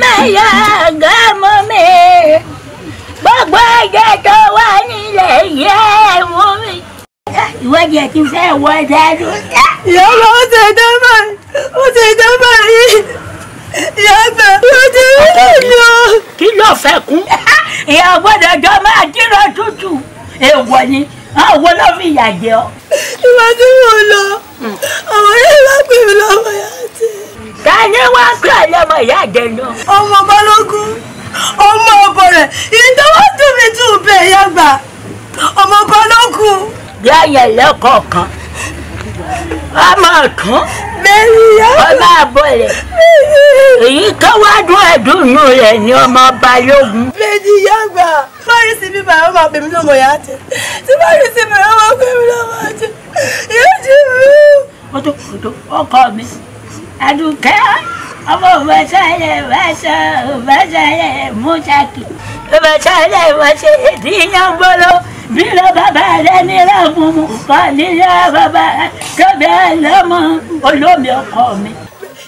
mẹ́yà gámọ́ mi gbogbo ẹ̀jẹ̀ tó wà nílẹ̀ yẹ ẹ̀wọ́ mi. ìwádìí ẹ̀ kí n fẹ́ wọ dáadọ́. ìyá ọba ó ti dá báyìí ó ti dá báyìí ìyá ọba ó ti rí ìlú. kí ló fẹ́ kún. ìyá ọgbọ́dọ̀ jọ máa dírọ̀ tútù èèwọ̀ ni àwọn ló fi yà jẹ ọ́ ìgbà tí mo lọ àwọn hmm. yẹn bá pè mí lọ́mọ ìyá jẹ. ta ni wọ́n ń pè lọ́mọ ìyá jẹ náà. ọmọ balógun ọmọ ọbọ rẹ ìdá wọn tún mi tún bẹ ìyá gbà ọmọ balógun. bí a yẹn lẹ́kọ̀ọ́ kan a máa kán ọlá àbọ̀ rẹ̀ èyí tó wá dún ẹ̀dùnnú rẹ̀ ni ọmọ ọba lógun. méjì yá gbà fárí sí bíbá àwọn ọmọ mi lọ́mọ yá tẹ tí fárí sí bíbá àwọn ọmọ mi lọ́mọ tẹ yóò jẹ mí. kótó kótó ọkọ mi àdùkẹ́ ọmọ òbẹ́sẹ̀lẹ̀ wẹ́sẹ̀ òbẹ́sẹ̀lẹ̀ mú ṣáàkì òbẹ́sẹ̀lẹ̀ wẹ́sẹ̀ èdè yíyan gbọ́dọ̀ bírọ̀ bàbá rẹ nírà funfun kọ́ nírà bàbá rẹ kébẹ̀ lọ́mọ olómi ọkọ mi.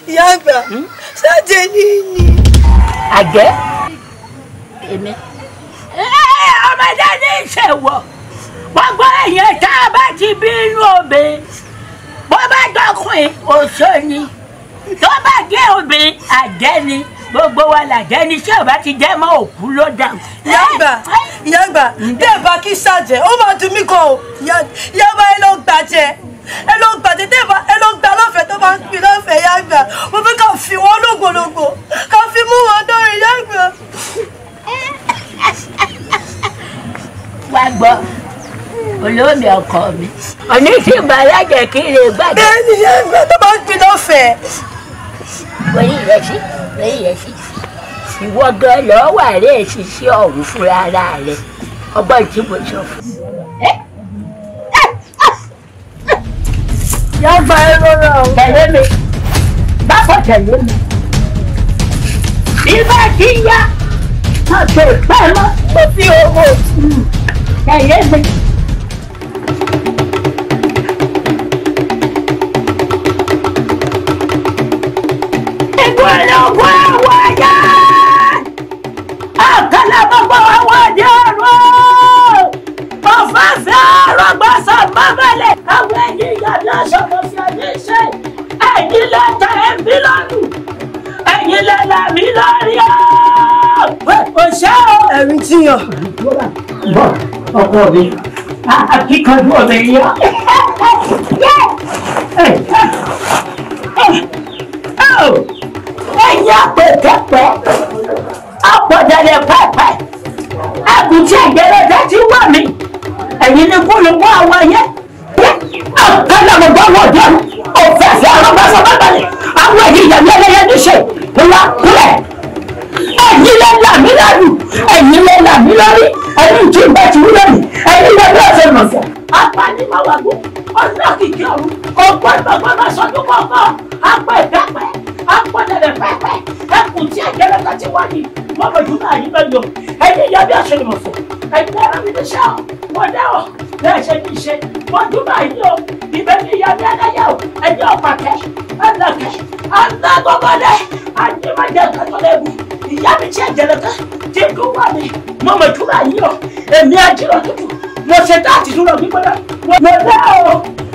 ìyá àgbà hmm? ṣáájú ní ní. àgẹ́ èmi ọmọdé ní ìṣẹ̀wọ̀ gbogbo èèyàn tá a bá ti bí inú òbí bó bá dọkùn òṣò ni tó bá gé òbí àjẹ́ ni gbogbo wa làjẹ́ ni iṣẹ́ ọba ti jẹ́ mọ́ òkú ló dà. yàgbà yàgbà tẹ́ ẹ bá kí ṣàjẹ́ ó máa dùn mí kan o yàgbà ẹ ló gbàjẹ́ ẹ ló gbàjẹ́ tẹ́ ẹ bá ẹ ló gbà lọ́fẹ̀ẹ́ tó bá ń pin lọ́fẹ̀ẹ́ yàgbà mo fi kàn fi wọ́n lógbòlógbò kàn fi mú wọn dọ́rin yàgbà. wá gbọ́ olómi ọkọ mi. òní sì gbà lájẹ kí n lè gbàgbé. bẹ́ẹ̀ ni yàgbà tó bá ń pin lọ́fẹ̀ẹ́ lórí rẹ sí lórí rẹ sí ìwọ gan lọ wà rẹ ṣiṣẹ́ ọ̀hún fúnra ara rẹ ọgbọ́n tí mo sọ fún. yàgbà ẹ lọ́rọ̀ ọ̀hún. tẹ̀lé mi bákan tẹ̀lé mi ìbá kí n yá ọ̀sẹ̀ pẹ́ mọ́ tó fi owó tẹ̀lé mi. bábẹ́lẹ̀ àwọn ẹ̀yìn ìyàbí aṣọ́kọ̀ fi ẹ̀yìn ṣe ẹ̀yìn lẹ́tà ẹ̀mí lọ́rùn ẹ̀yìn lẹ́là mí lọ́rí ọ́. òṣè o ẹ̀rín ti yàn. bọ́ ọkọ mi akíkanjú ọ̀bẹ yẹn. ẹ̀yìn àpèkẹ́pẹ́ àpọ̀dẹ̀lẹ̀ pẹ́pẹ́ ẹ̀kú tí ẹ̀jẹ̀ rẹ̀ ti wà mí ẹ̀yin ni kó lè wá àwọn ẹ̀yẹ. àgbàlagbà bá wọ̀ dé ọ̀fẹ́ sí àwọn ọgbàsọ bàbàlẹ̀ àwọn ẹ̀yìn ìyàwó ẹlẹ́yẹ ní ṣe ńlá kúlẹ̀. ẹ̀yin lè là mí lọ́rù ẹ̀yin lè là mí lórí ẹ̀yin tí ìgbà tí wúlò mí ẹ̀yin lè bí ọ̀sẹ̀ mọ̀sẹ̀. apani máa wà gbó ọ̀run ọgbọ́n gbọ́gbọ́n máa sọ á pọ́nlẹ̀ rẹ̀ pẹ́pẹ́ ẹkùn tí àjẹrẹ́ta ti wá ní mọ́mọ́ ìlú náà yí bẹ́ẹ̀ yọ ẹ̀yìn ìyá bí aṣọ ni mo fọ ẹ̀yìn ẹ̀rọ mi ní ṣe ọ wọ́n dẹ́ ọ bẹ́ẹ̀ ṣe ní ṣe wọ́n dún náà yí o ìbẹ́ ní ìyá bí adáyà o ẹ̀yìn ọ̀pàkẹ́ ẹ̀lẹ́kẹ́ ẹ̀lẹ́gọ́gọ́dẹ́ àjẹmájẹ kẹtọ́lẹ́gù ìyá mi tí àjẹrẹ́ta ti dùn wá mi mọ́mọ́ ìlú náà yí o èmi àjẹrọ tuntun mo ṣe táàtì dúró gbígbóná mo dẹ́ ọ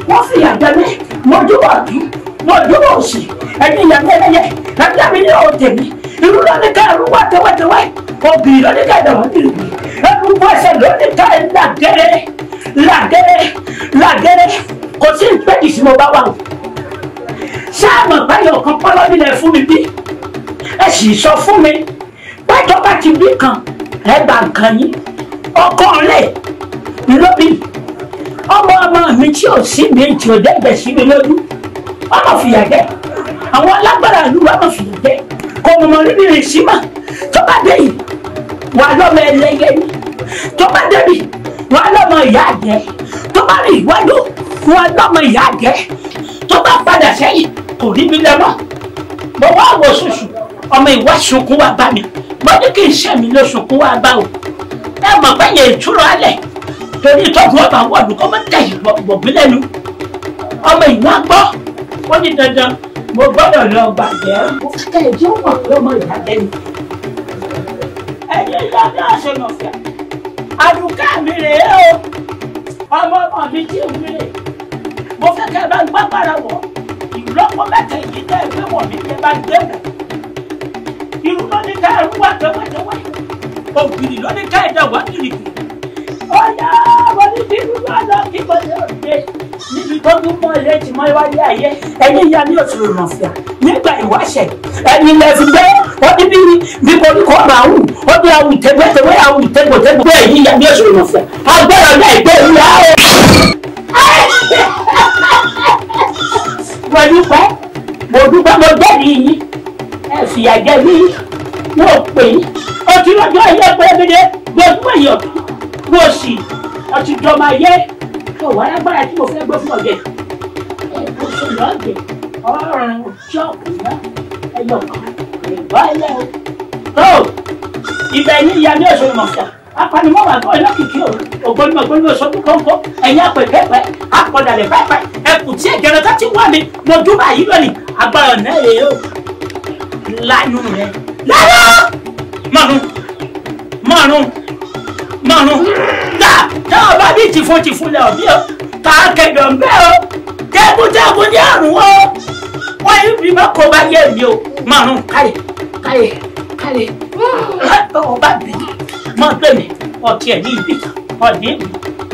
wọ́n fìyà jẹ mí mo dúró ọ̀dún lọ́dún òsì ẹni ìyàgbẹ́ ẹlẹ́yẹ lábẹ́ àmì ní ọ̀tẹ̀ mi irú lọ́ní ká ẹrú wà tẹ́wẹ́tẹ́wẹ́ obì lọ́ní ká ìdàmọ́ nìlú ẹrú bọ́ ẹsẹ̀ lọ́ní ká ẹ̀ làgẹ́rẹ́ làgẹ́rẹ́ làgẹ́rẹ́ kò sí ìpẹ́kì sí mo bá wà o sáàmù báyọ̀ kan pọ́lọ́ nílẹ̀ fún mi bí ẹ sì sọ fún mi pẹ́jọba ti bí kan ẹ gbà nǹkan yín ọkọ ọ̀lẹ́ lóbi ọmọ ọmọ mi tí ò sí mi tí ò dẹ́gbẹ̀ sí mi lójú wọ́n mọ̀ fìyà jẹ àwọn alágbára ìlú wa mọ̀ fìyà jẹ kò mọ̀ níbi rìn sí mà tó bá dé yìí wà lọ́mọ ẹlẹ́yẹ ni tó bá débi wà lọ́mọ ìyá jẹ tó bá rìn iwájú wà lọ́mọ ìyá jẹ tó bá padà sẹ́yìn kò níbi lẹ́mọ̀ mo wá wọ ṣùṣù ọmọ ìwá sunkún wa bá mi mo ní kí n ló sunkún wa bá o ẹ mọ̀ pé yẹn ìtura alẹ̀ torí tọ́kùn ọba wọ̀dù kọ́ mọ́ tẹ̀yìn bọ̀gbìn lẹ́nu ọmọ ìwá gbọ́ ó ní dandan mo gbọ́dọ̀ lọ gbàjẹ́. ẹ̀jẹ̀ ó mọ̀ pé ọmọ ìyá lẹ́nu. ẹ̀jẹ̀ ìyá ní àṣọnà ọ̀fẹ́ àdùká mi rèé o ọmọ ọmọ mi tí ò ń mo fẹ́ kẹ́ ẹ bá ń gbàgbára wọ̀ ìlọ́pọ̀ mẹ́ta yìí tẹ́ ẹ gbé wọ̀ mí kẹ́ ẹ bá ń wọ̀ irú lóníkà ẹ̀rú wà tẹ́wẹ́tẹ́wẹ́ ògiri lóníkà ẹ̀dá wà kìrìkìrì ọ̀dà wọlé bí gbogbo ọ̀dà kí kò lè rè níbi tó dún mọ́ ilé tí mọ́ iwájú ayé ẹ̀yìn ìyá ní òtún ìrìnà fìyà nígbà ìwáṣẹ̀ ẹ̀yìn ilẹ̀ fi gbé ọdún bí bí koríko ọ̀rọ̀ àwù ọdún àwù tẹgbẹ́tẹgbẹ́ àwù tẹgbẹ́tẹgbẹ́ ẹ̀yìn ìyá ní òtún ìrìnà fìyà agbára náà ìgbé ìlú àwọ̀. mo dúpẹ́ mo dúpẹ́ mo jẹ́rìí yín ẹ̀ fìyà do mí yóò pè é òtún lọ́jọ́ ilé pẹ́ẹ́bẹ́rẹ́ gbogbo èèyàn kú òṣì ọtí jọmọ ayé ọwọ́ alágbára tí mo fẹ́ gbé fún ọ̀gẹ̀ oṣù lọ́gẹ̀ ọ̀rùn ṣọ́ọ̀kù náà ẹyọ kan ìgbọ́ ilé o. tó ibẹ̀ ní ìyá ní òṣèlú mọ̀ọ́sà apanimọ̀wà kọ́ ẹlọ́kìkí ògbónimọ̀ gbónimọ̀ sọ́kù kọ́ńkọ́ ẹ̀yìn apẹ̀pẹ̀pẹ̀ apọ̀dàlẹ̀ pẹ́pẹ́ ẹkù tí ẹ̀gẹ̀rẹ̀ ti wà mí lọ́dún báyìí lónìí agbára náà rèé o láyún rẹ. lára márùn márùn márùn tá táwọn bá bí tìfun tìfun lẹ ọbí o ká kẹdọ ń bẹ o tẹkùtẹkù ní àrùn o wọn yìí bí má kó bá yẹ mi o márùn káyè káyè káyè ọba bí mọ pé mi ọtí ẹ ní ibi ọdí mi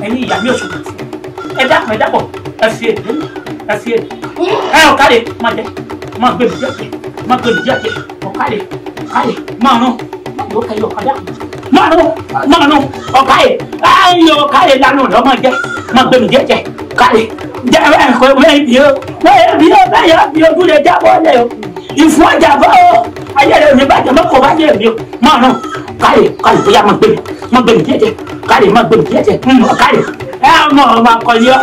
ẹni ìyá mi ò sùn fún ẹ dákun ẹ dábọ̀ ẹ fi èdè ẹ fi èdè ẹ ọ̀kadì má jẹ má gbé mi jẹ má gbé mi jẹ ọ̀kadì ọ̀kadì márùn yóò kẹ́ yóò kọjá mọ̀nù mọ̀nù ọ̀ká yẹ ayé ọ̀ká yẹ lánà ọ̀dọ́ máa jẹ máa gbẹmí jẹ jẹ kárẹ̀ jẹ ẹ kọ wẹ́ẹ̀ bí o wẹ́ẹ̀ bí o bẹ́ẹ̀ yọ bí ojú rẹ̀ jábọ̀ lẹ̀ o ìfún ọjà bọ́ o ayé rẹ̀ mi bàjẹ́ mọ́kọ̀ bá yẹ mi o mọ̀nù kárẹ̀ kárẹ̀ bóyá máa gbẹmí máa gbẹmí jẹ jẹ kárẹ̀ máa gbẹmí jẹ jẹ kárẹ̀ ẹ mọ̀ ọmọ akọni ọ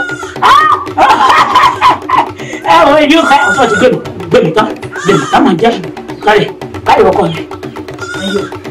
ẹ wọ ibi ọkọ ẹ ọsọ ti gbẹmí gbẹmí tán gbẹmí tán máa jẹ kárẹ̀ kárẹ̀ ọkọ yẹn.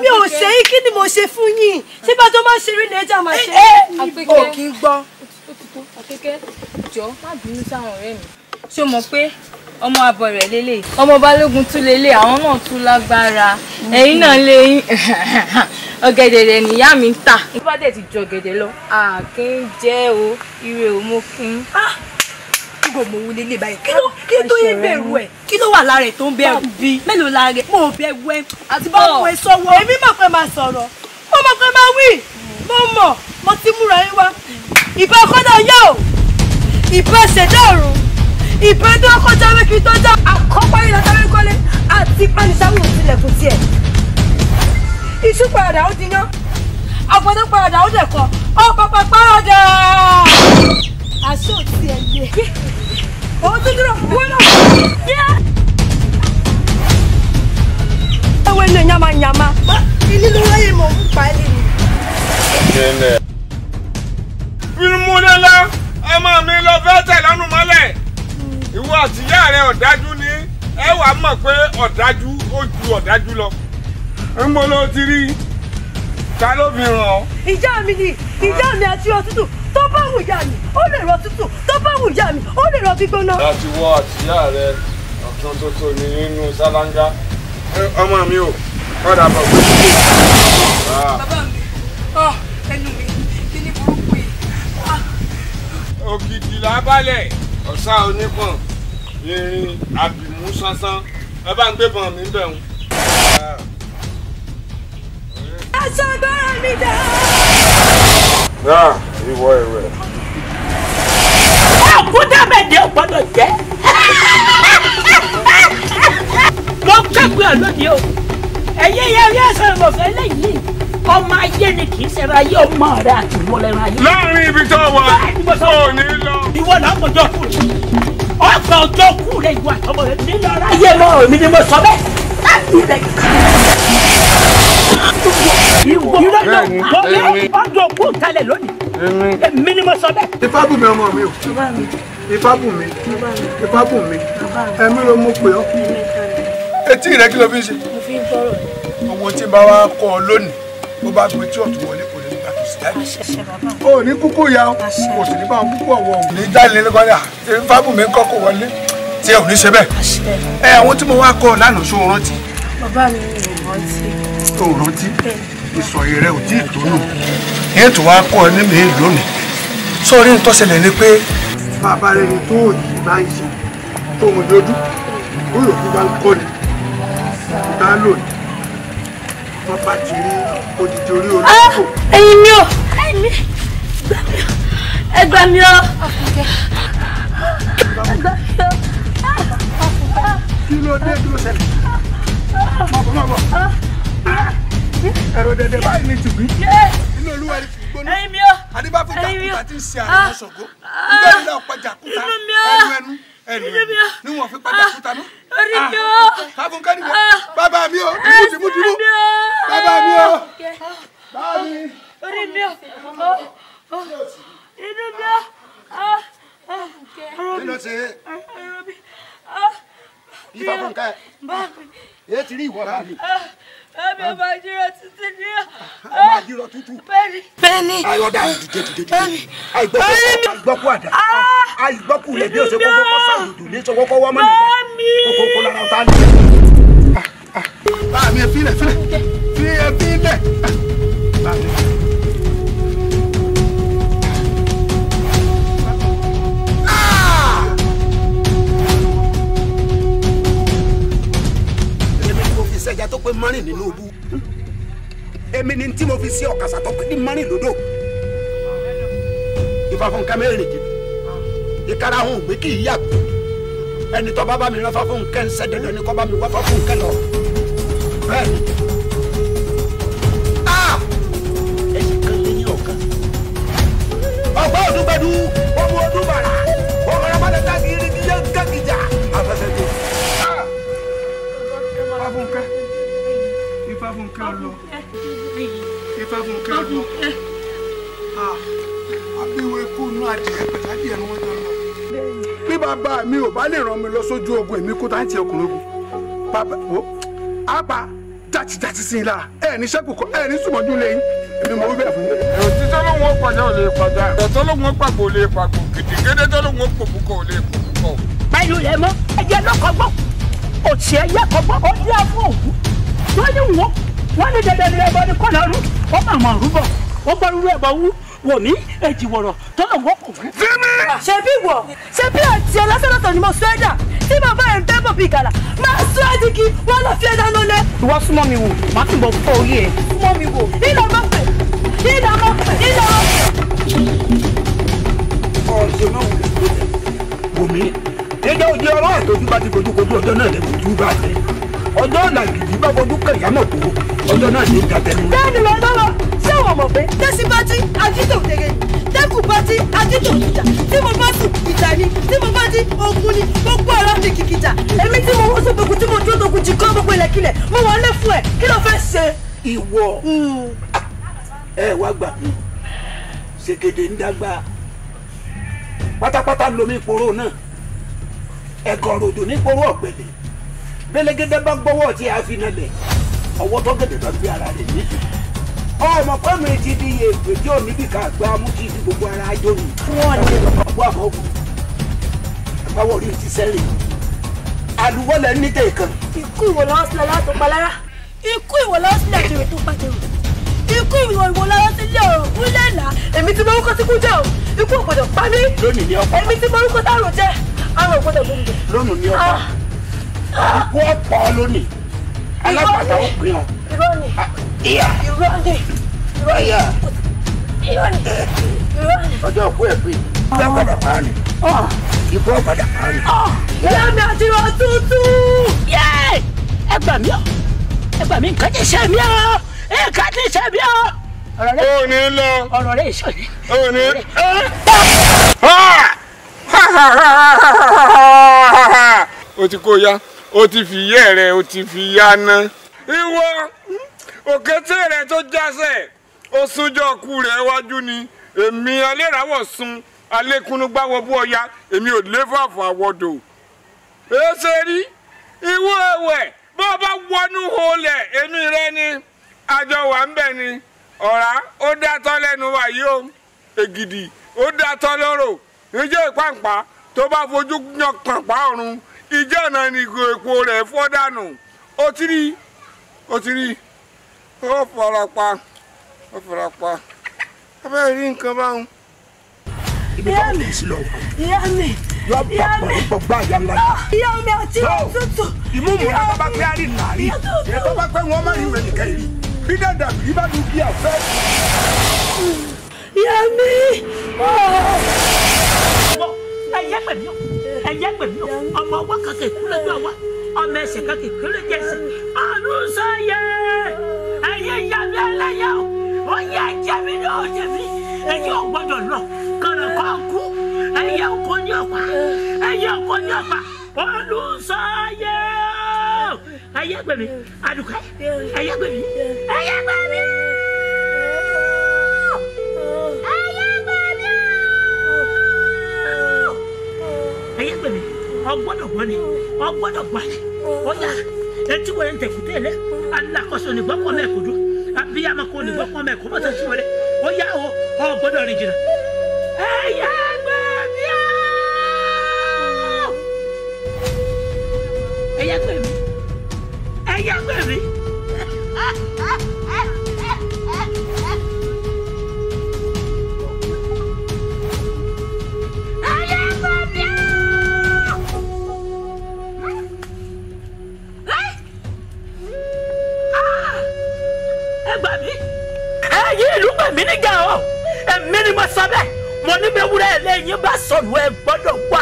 mi ò ṣe é kí ni mo ṣe fún yín ṣé bá tó máa ṣeré lẹ́jà máa ṣe é ní bò kí n gbọ́. akẹ́kẹ́ jọ má bínú sáwọn ọ̀rẹ́ mi ṣé o mọ̀ pé ọmọ abọ rẹ̀ lélẹ̀ ọmọ balógun tún lélẹ̀ àwọn náà tún lágbára ẹ̀yin náà lè ọ̀gẹ̀dẹ̀ nìyá mi ń tà. bá ti jọ ọ̀gẹ̀dẹ̀ lọ àkín o ire òmùkín tí kò mọ owó nílé báyìí kí ah, kí tó yẹ bẹ̀rù ẹ̀ kí wà lára ẹ̀ tó ń bẹ̀rù bí mélòó lára ẹ̀ mo bẹ̀ wẹ́ àti bá wọn sọ́wọ́ èmi mọ̀ pé máa sọ̀rọ̀ mo mọ̀ pé máa wí mo mọ̀ mo ti múra yín wá ìbá kọ́dà yá o ìbá ṣẹ̀dá tó kọjá wé tó já àkọ́pá yìí látàrí kọ́lé àti pàṣẹwò tilẹ̀kùn aṣọ òtí ẹ̀ lé òun tún dúró wọ́n náà yẹ. ẹwẹ́ ilé yamayama. ilé ló wáyé mọ̀ ń pa ilé mi. ìṣẹ̀lẹ̀. bímúlẹ́lá ọmọ mi lọ fẹ́ tẹ̀ lọ́nu mọ́lẹ̀ ìwọ àtìyá rẹ ọ̀dájú ni ẹ wàá mọ̀ pé ọ̀dájú ó ju ọ̀dájú lọ ń bọ́ ló ti rí ta ló fi ràn ọ́. ìjà mi ni ìjà mi àti òtútù tó bá wù yá mi ó lè rọ tútù tó bá wù yá mi ó lè rọ gbígbóná. láti wọ àtìyá rẹ ọ̀kan ṣoṣo ni nínú ṣáláńgá ọmọ mi ò padà bọ̀ ah. bàbá mi ọ ah, ẹnu mi kí ni burúkú yìí. Ah. ògidì lábálẹ̀ ọ̀sá onípọ̀n irin àbìmú sánsán ẹ ń gbébọn mi ń bẹ̀ wọ́n ìwọ ẹ̀wẹ̀. òkúta mẹ́jẹ gbọ́dọ̀ jẹ́. mo kẹ́gbẹ́ ọlọ́dẹ o ẹ̀yẹ yẹn rí ẹsẹ̀ ìmọ̀fẹ́ lẹ́yìn ọmọ ayé ni kì í ṣe ra ayé ọmọ rẹ àti ìmọ̀lẹ́ra ayé. láàrin ibi tó wà ò ní lọ. ìwọ náà mọ̀jọ́ kù rẹ̀ ọgbà ọjọ́ kù rẹ̀ ìwà àtọmọ rẹ̀ nílọ ráyé mọ́ mi ni mo sọ bẹ́ẹ̀ láti rẹ̀ ìwọ ìwọ ìwọ ọdún òkú ìtàlẹ̀ lónìí èmi ni mo sọ bẹ́ẹ̀. Ifábùnmi ọmọ mi o Ifábùnmi Ifábùnmi ẹ̀mí ló mú pé ọ́ etí rẹ kí ló fi ń ṣe. mo fi ń tọrọ. owó tí bá wa kọ ọ lónìí bó bá gbé tí ọ̀tún wọlé kò lè gbà tó sí dájú. o ní kúkú ya o kò sì ní bá wọn púpọ̀ wọ òun. ní dálé ló kọ́ni à Fábùnmi ń kọ́ kó wọlé tí ẹ ò ní ṣe bẹ́ẹ̀. ẹ àwọn tí mo wá kọ lánàá ṣó rántí. bàbá mi ò rántí tó rántí ìsọ̀rí rẹ ò tí ì tó nù ètò wa kọ́ ẹ níbi lónìí sọ́ọ́rí ń tọ́sẹ̀lẹ̀ ni pé. bàbá rẹ ni tó yìí máa ń ṣe tóun lójú ó lò fún báńkọ́ ni ìgbà lónìí wọ́n bá ti rí odidi orí olóko. Ah, ẹ̀yin mi o ẹ gbà mí o kí ló dé dúró ṣẹlẹ̀ mọ̀bọ̀ mọ̀bọ̀ ẹ̀rọ dẹ̀dẹ̀ báyìí ni tùbí inú olúwa rẹ̀ fi gbóná àdébá fún jàkúta tí ń ṣe àrùn ṣògo nígbà yìí náà pa jàkúta ẹnu ẹnu ẹnu ẹnu ni wọn fi pa jàkúta mọ. káfọn kẹ́ni wọ bàbá mi o dìbò dìbò dìbò bàbá mi o bàbá mi. orí mi o inú mi o ọ̀rọ̀ mi ọ̀rọ̀ mi. bí bàbá nǹkan ẹ̀ ti rí ìwọ bá Ah, Àmì ọmọ àjírọ̀ títí ní ọ̀. Ọmọ àjírọ̀ tútù. Bẹ́ẹ̀ni. Bẹ́ẹ̀ni. Ayọ̀dá Ah, dìde dìde. Àìgbọ́kú àìgbọ́kú àdá. Ah. Ah, àìgbọ́kú lè bí òṣèkó kọ́kọ́ sáàdùdù ní sọ kọ́kọ́ wá mọ́nà. Báàmì. Kókó kó lára Ah, ah. Ah, ẹ fílẹ̀ fílẹ̀. Fílẹ̀ fílẹ̀. ọ̀kàsà tó pé mọ́rin nínú òbú èmi ni tí mo fi sí ọ̀kàsà tó pé ní mọ́rin lódò ìfàfọ̀nkà mẹ́rin jì ìkarahun ògbé kì í yàgbọ́ ẹni tó bá bá mi rán fáfọ̀nkẹ́ ń sẹ́dẹ̀dẹ̀ ni kó bá mi wá fáfọ̀nkẹ́ lọ bẹ́ẹ̀ ni. ọgbọ́n ọdún gbẹdú ọmọ ọdún bàrà ọmọ ọmọdé tá a kì í Ìfáfúnkẹ́ lọ. Ìfáfúnkẹ́ lọ. Abíwé kú inú adìẹ pẹ̀lú adìẹ ni wọ́n jọ lọ. Bí bàbá mi ò bá lè ràn mí lọ sójú ogun èmi kó táǹtì ọkùnrin ogun. Bàbá o, àpá jàtìjàtì sí i lára. Ẹ ní sẹ́kù kọ, ẹ ní sùmọ́jú lẹ́yìn. Èmi mọ̀ wíbẹ̀ fún mi. Òtítọ́ lóhun ó pàjá ò lè pàjá. Ẹ̀tọ́ lóhun ó pàgbò ò lè pàgbò. Kìdìgédé tó lóhun ó pòpùkọ̀ ò lè pòpùkọ̀. Báyìí ló yẹ mọ́, ẹ jẹ́ lọ́kọ̀ọ́gbọ́n. Òṣìṣẹ́ yẹ kọ́gbọ́n, ó dé àbúrò òkú. Wọ́n ní wọ́n wọ́n ní dandan ni ẹbọ ní kọ́lọ́rù ó mà mọ̀ rúbọ̀ ó gbọ́ rúrú ẹbọ wú wò mí èjì wọ̀rọ̀ tọ́lọ̀ wọ́n kò fún. fíìmì. ṣé bí wọ ṣé bí àti ẹlẹ́sẹ̀lọ́tọ̀ ni mo sọ ẹ́ dà tí bàbá ẹ̀ ń bẹ́ bọ̀ bí gàlà máa sọ ẹ́ di kí wọ́n lọ fi ẹ́ dáná lẹ́. ìwọ súnmọ́ mi wò má fi bọ̀ fọ orí ẹ̀. súnmọ́ mi wò ìlà máa pè ìlà máa pè ìlà máa pè. ọ̀sẹ̀ máa wò mí. ẹjọ́ òjò ọlọ́run tó dúbà ti kojú kojú ọjọ́ náà lẹ́kọ̀ọ́ ọjọ́ ọ̀la gidi bá fọdún kẹ̀yà mọ̀ tó ọjọ́ náà ṣe é jàtẹ́nu. lọ lọrọ ṣé wọn mọ̀ pé tẹsí bá ti àdìtò tẹkù bá ti àdìtò tí mo bá sùn ìjà ni tí mo bá ti ogun ni gbogbo ọ̀rọ̀ mi kìkìjà èmi tí mo wọ́n sọ́gbọ̀gù tí mo dúró dogun jì kọ́ gbogbo ilẹ̀kílẹ̀ mo wọ́n lé fún ẹ kí ló fẹ́ ṣe. ìwọ hmm. ẹ wá gbà mí ṣègede ń dágbà pátápátá lomi ìpòrò náà ẹ̀kọ́ ròdò ní ìpòrò ọ̀gbẹ̀dẹ̀ bẹ́lẹ́gẹ́dẹ́ bá gbọ́wọ́ tí a fi nẹ́lẹ̀ ọwọ́ tó bá gbé ara rẹ̀ níbi. ọmọ pẹ́mi ti di ègbè tí níbi ká gba mú kí gbogbo ara ajó ni. wọ́n ní ọgbọ́ àbọ̀kù àgbáwọ̀ orí ti sẹ́rìn. àdúgbòlẹ̀ ní tẹ̀kan. ikú ìwò sílẹ̀ látò palára ikú ìwò sílẹ̀ kiri tó pàtẹ́wò ikú ìwò sílẹ̀ ọ̀rọ̀ kúlẹ̀ èmi ti morúkọ tí kú jẹ́ o ikú ògbọ́dọ̀ pa mí. lónìí ni ọkọ. èmi ti morúkọ táwọn jẹ́ àwọn ògbọ́dọ̀ gbòǹgbò. lónìí ni ọkọ. Ah ikú ọ̀pọ̀ lónìí alágbàtà ó pè ọ́. ìrọ̀lì ìrọ̀lì ìrọ̀lì ìrọ̀lì ìrọ̀lì. ọjọ́ òkú ẹ̀ pé ikú ọ̀padà máa rìn ikú ọ̀padà máa rìn. yẹ́mi àti ìwà tuntun. ẹ gbà mí o ẹ gbà mí nǹkan ti ṣe mí o nǹkan ti ṣe mí o. ọ̀rọ̀ rẹ̀ ò ní lọ. ọ̀rọ̀ rẹ̀ ìṣòro. ò o ti kó ya. o ti fi yẹ́ rẹ̀ o ti fi ya ná. ìwọ òkété rẹ tó jásẹ̀ ó súnjọ́ ku rẹ̀ wájú ni èmi alérawọ̀ sun alékunúgbàwọ̀ bú ọya èmi ò lé fàfọ̀ àwọ̀dò. èsè rí ìwọ ẹ̀wẹ̀ bó bá wọnú holẹ̀ èmi rẹ ni àjọ wà ń bẹ̀ ni ọ̀rá ó dátọ́ lẹ́nu wa yìí o ègìdì ó dátọ́ lóró níjẹ́ ìpàǹpá tó bá fojú yan pàǹpá ọ̀run ìjẹ́ náà ni ìgò èpo rẹ̀ fọ́ dànù ó ti rí ó ti rí ó fara pa ó fara pa abẹ́rẹ́ rí nǹkan báwọn. ibi táwọn kì í sí lọ wà. ìyá mi ìyá mi ìyá mi ìyá mi ọtí rẹ tútù. ìmúmu náà bá bá pé àrí nàárí ìyẹn tó bá pé wọn má rí ìwé nìkan yìí bí dàda bí bá dùn bí àfẹ. ìyá mi. ẹ̀yẹ́ pẹ̀lú ẹ̀yẹ́ gbẹ̀mí ọmọ ọwọ́ kankan ìkúlẹ̀ gbọ́ wa ọmọ ẹsẹ̀ kankan ìkúlẹ̀ jẹ́ ẹsẹ̀ àlùsọ̀yẹ ẹ̀yẹ yàmi ẹlẹ́yẹ o ó yẹ jẹ́mi ní o jẹ́mi ẹ̀yẹ ò gbọ́dọ̀ lọ kọ̀rọ̀kọ̀ kú ẹ̀yẹ kò ní ọ̀pá ẹ̀yẹ kò ní ọ̀pá olùsọ̀yẹ ẹ̀yẹ gbẹ̀mí àdùkẹ́ ẹ̀yẹ gbẹ̀mí ẹ̀yẹ gbẹ̀mí. ọgbọ́dọ̀ gbọ́ ni ọgbọ́dọ̀ gbà ni ó yá etí wẹ̀rẹ̀ ń tẹ̀kùtẹ̀ lẹ alákọ̀ọ́sọ ní gbọ́kọ́ mẹ́kọ̀ dún abiyamọ kò ní gbọ́kọ́ mẹ́kọ̀ mọ́tò tí wẹ̀rẹ̀ ó yá o ọgbọ́dọ̀ rìn jìnnà. ẹ̀yà gbẹ́ mi á. ẹ̀yà gbẹ́ mi ẹ̀yà gbẹ́ mi. èmi ní gan o èmi ni mo sọ bẹ́ẹ̀ mo ní bẹ́ẹ̀ wúrẹ́ ẹ̀ lẹ́yìn bá sọnù ẹ gbọ́dọ̀ wá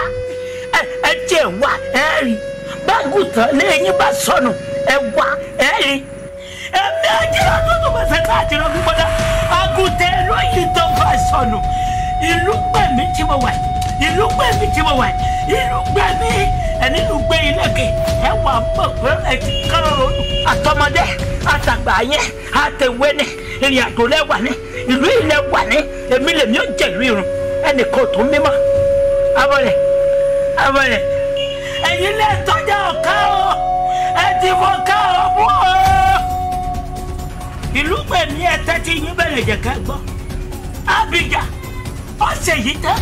ẹ jẹ́ wá ẹ rí bágùtàn lẹ́yìn bá sọnù ẹ wá ẹ rí èmi àjẹrò tó tó pèsè tá àjẹrò gbígbọ́ dá àgùntàn lóyìn tó bá sọnù ìlú gbẹ̀mí tí mo wà ìlú gbẹ̀mí tí mo wà ìlú gbẹ̀mí ẹni ló gbé ilé kè ẹ wà mọ̀ pé ẹ ti kọ́rọ̀ àtọmọdé àtàgbà yẹn àtẹwé ni ìrìn àjò lẹ́wà ní ìlú ilẹ̀ wà ní èmi lèmi ò jẹ̀lú irun ẹnìkan tó mímọ́ abọ́lẹ̀ abọ́lẹ̀ ẹ̀yin lè tọ́jà ọ̀ká o ẹ ti fọ́ ká o mú o. ìlú gbẹ̀mí ẹ̀tẹ́ tí yín bẹ̀rẹ̀ jẹ̀ ká gbọ́ Abidjan ọ̀sẹ̀ yìí tán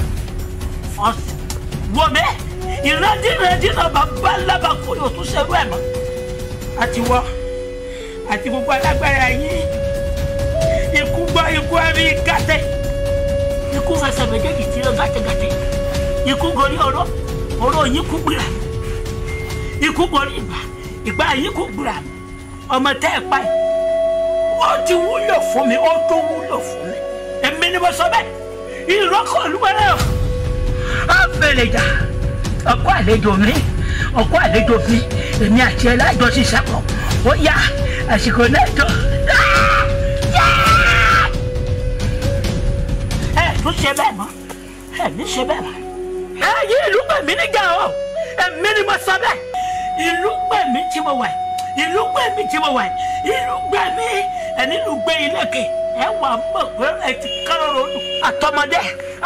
ọ̀sẹ̀ wọ̀mẹ́ ìrandínrandínà bàbá alábàkúrò tún ṣerú ẹ̀ mọ́ àti wọ́ àti gbogbo alágbára yín ikú ẹbí gàtẹ ikú fẹsẹ̀ méjèèjì tí lọ gàtẹgàtẹ ikú gorí ọ̀rọ̀ ọ̀rọ̀ yín kú gbìrà ikú gorí ìgbà ìgbà yín kú gbìrà ọmọ tẹ ẹ pa ẹ ó ti wúlò fún mi ó tó wúlò fún mi èmi ni mo sọ bẹ́ẹ̀ ìrọkọ olúwẹrẹ o àfẹlẹjà ọkọ àlejò mi ọkọ àlejò mi èmi àti ẹ lájọ ṣiṣẹ́ pọ̀ ó yá àsìkò náà jọ. ṣe bẹ́ẹ̀ mọ́ ẹ ní ṣe bẹ́ẹ̀ mọ́. ẹ yí ìlú pè mí níjà o èmi ni mo sọ bẹ́ẹ̀ ìlú pè mí tí mo wà ìlú pè mí tí mo wà ìlú pè mí ẹni ló gbé ilé ke ẹ wà mọ̀ pé ẹ ti kọ́rọ̀ ronú. àtọmọdé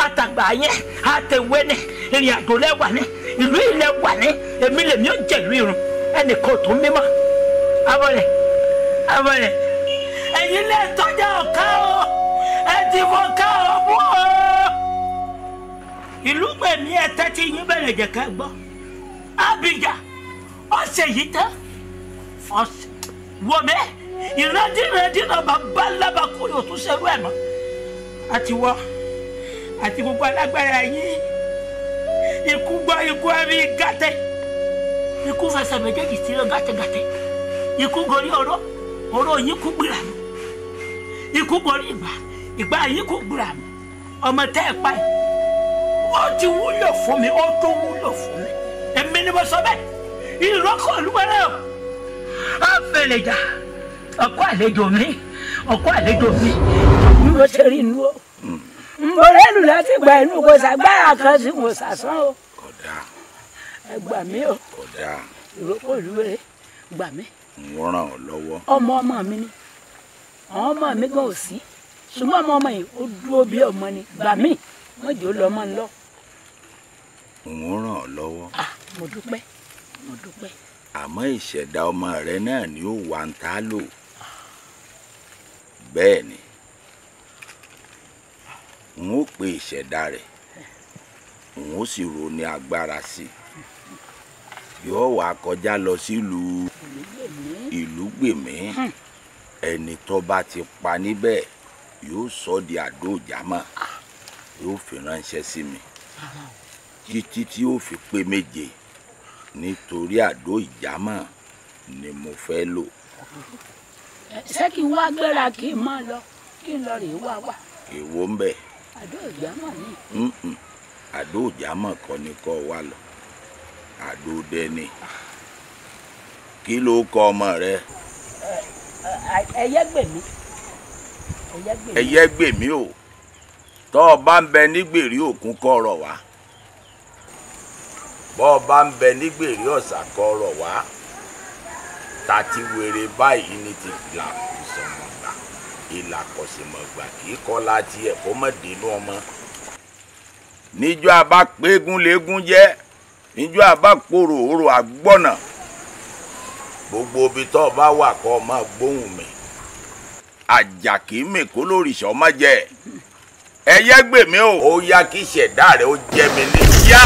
àtàgbà yẹn àtẹwé ni ìrìn àjò lẹ́wà ni ìlú ilẹ̀ wà ni èmi lèmi ò jẹ̀lú irun ẹnì kan ò tún mímọ́ abọ́lẹ̀ abọ́lẹ̀ ẹ̀yin lẹ́ẹ̀tọ́jà ìlú gbèmí ẹ tẹ́tí yín bẹ̀rẹ̀ jẹ́ ká gbọ́ Abija ọ̀sẹ̀ yìí tán ọ̀sẹ̀ wọ̀mẹ́ ìrandínrandínà bàbá lábàkú yóò tún ṣerú ẹ̀ mọ́ àti wọ́ àti gbogbo alágbára yín ikú gbọ́ ikú ẹ̀rí gàtẹ́ ikú fẹsẹ̀ méjèèjì sílẹ̀ gàtẹ́gàtẹ́ ikú gorí ọ̀rọ̀ ọ̀rọ̀ yín kú gbìrà ikú gorí ìgbà ìgbà yín kú gbìrà ọmọ tẹ́ ẹ̀ pa yìí wọ́n ti wúlò fún mi ó tó wúlò fún mi èmi ni mo sọ bẹ́ẹ̀ ìrọ́kọ̀lùwẹ́rẹ́ o àfẹlẹ̀jà ọkọ àlejò mi ọkọ àlejò mi n ló ṣe rí inú o mo rẹ́lù láti gba inú kò sàgbára kan sí kò sàsán o ẹ gbà mí o ìrọ́kọ̀lùwẹ́rẹ́ gbà mí. wọ́n ràn ọ́ lọ́wọ́. ọmọ ọmọ mi ni àwọn ọmọ mi gan ò sí ṣùgbọ́n ọmọ ọmọ yìí ó dúró bí ọmọ ni gbà mí wọ́n jò lọ́mọ ńlọ́ọ̀ n ó ràn ọ́ lọ́wọ́. mo dúpẹ́ mo dúpẹ́. àmọ́ ìṣẹ̀dá ọmọ rẹ náà ni ó wà ń ta lò bẹ́ẹ̀ ni n ó pe ìṣẹ̀dá rẹ̀ n ó sì rò ní agbára sí i yóò wá kọjá lọ sílùú ìlú gbèmí hmm. ẹni tó bá ti pa níbẹ̀ yóò sọ di àdó ìjàmọ̀ ah. yóò fi ránṣẹ́ sí mi títí tí ó fi pé méje nítorí àdó ìjámọ̀ ni mo fẹ́ lò. ṣé kí n wá gbéra kí n mọ lọ kí n lọ rè wá wá. èwo ń bẹ. àdó ìjámọ̀ ni. àdó ìjámọ̀ kọ́ ni kọ́ wa lọ àdó dẹ́ni kí ló kọ ọmọ rẹ. ẹyẹ gbèmí. ẹyẹ gbèmí o tọ́ ọ bá ń bẹ nígbèrè òkun kọ́ ọ̀rọ̀ wá bọ́ ọ bá ń bẹ nígbèrè ọ̀sà kọ́ ọ̀rọ̀ wá tàti wèrè báyìí ní ti là kò sọ̀mọ̀ gbà ìlà kò sì mọ̀ gbà kì í kọ́ láti ẹ̀kọ́ mọ̀ dénú ọmọ. níjọ́ àbá pégún légún jẹ́ níjọ́ àbá porò òrò àgbọ̀nà gbogbo ibi tó o bá wà kọ́ ọ máa gbóhùn mi àjà kì í mì kó lóríṣà ọmọ jẹ ẹ yẹ gbèmí o ó yá kí ìṣẹ̀dá rẹ ó jẹ mi ní yá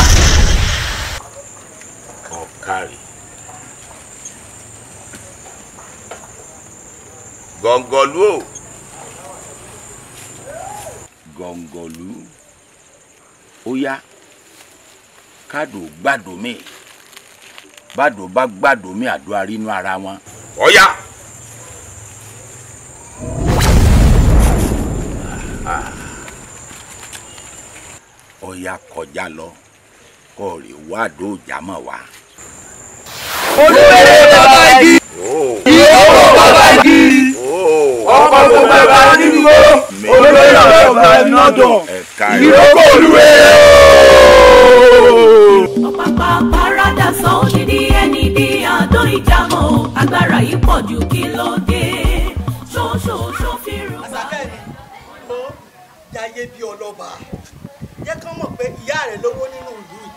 kárí. gọ̀ǹgọ̀lú o gọ̀ǹgọ̀lú ó yá kádò gbàdó mi bàdó bá gbàdó mi àdó arínú ara wọn. ó yá. ó yá kọjá lọ kọ́ ọ̀rẹ́ wá àdó olúwèrè bàbá igi ìyàwó bàbá igi ọkọ gbogbo ẹ̀bá nílùú olúwèrè bàbá nọ́dọ̀ ìyókò olúwèrè ooo. ọ̀pàpà parada sọ òdìdí ẹni bí àdó ìjàmọ̀ agbára yìí pọ̀ ju kí ló dé ṣóṣóṣó fi rú. àṣàfẹ́ mi mo jayé bí ọlọ́ba jẹ́ kán mọ̀ pé ìyá rẹ̀ lówó nínú ìlú yìí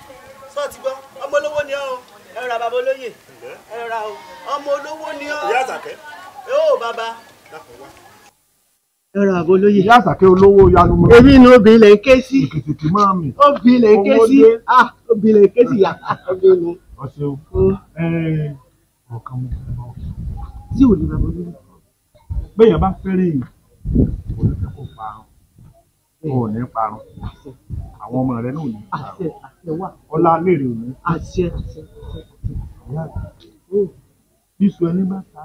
sọ́ọ̀tì gbọ́ ọmọ olówó ni ọ̀run ẹ̀rọ àbábọ́ lóye àṣàkẹ́. ẹ ra o ọmọ olówó ni ọ. ìyá àṣàkẹ́. yóò bàbá. ẹ ra àbò olóyè. ìyá àṣàkẹ́ olówó yanu mọ́. èmi ni obìnrin lè ké sí. ìkìtìkì máa mi. obìnrin lè ké sí. ah obìnrin lè ń ké sí ìyá. ọ̀sẹ̀ o mm. ọ̀kan mo fẹ́ bọ̀. tí ò lè bàbá olówó. béèyàn bá fẹ́rẹ̀ yìí kò ní fẹ́ kó ní parun àwọn ọmọ rẹ náà ò ní parun ọlá lèrè ò ìyá mi bísú ẹni bá ta